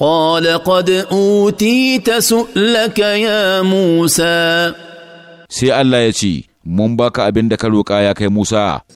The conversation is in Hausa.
قال قد أوتيت سؤلك يا موسى سي الله يشي mun baka abin da ka roƙa ya kai Musa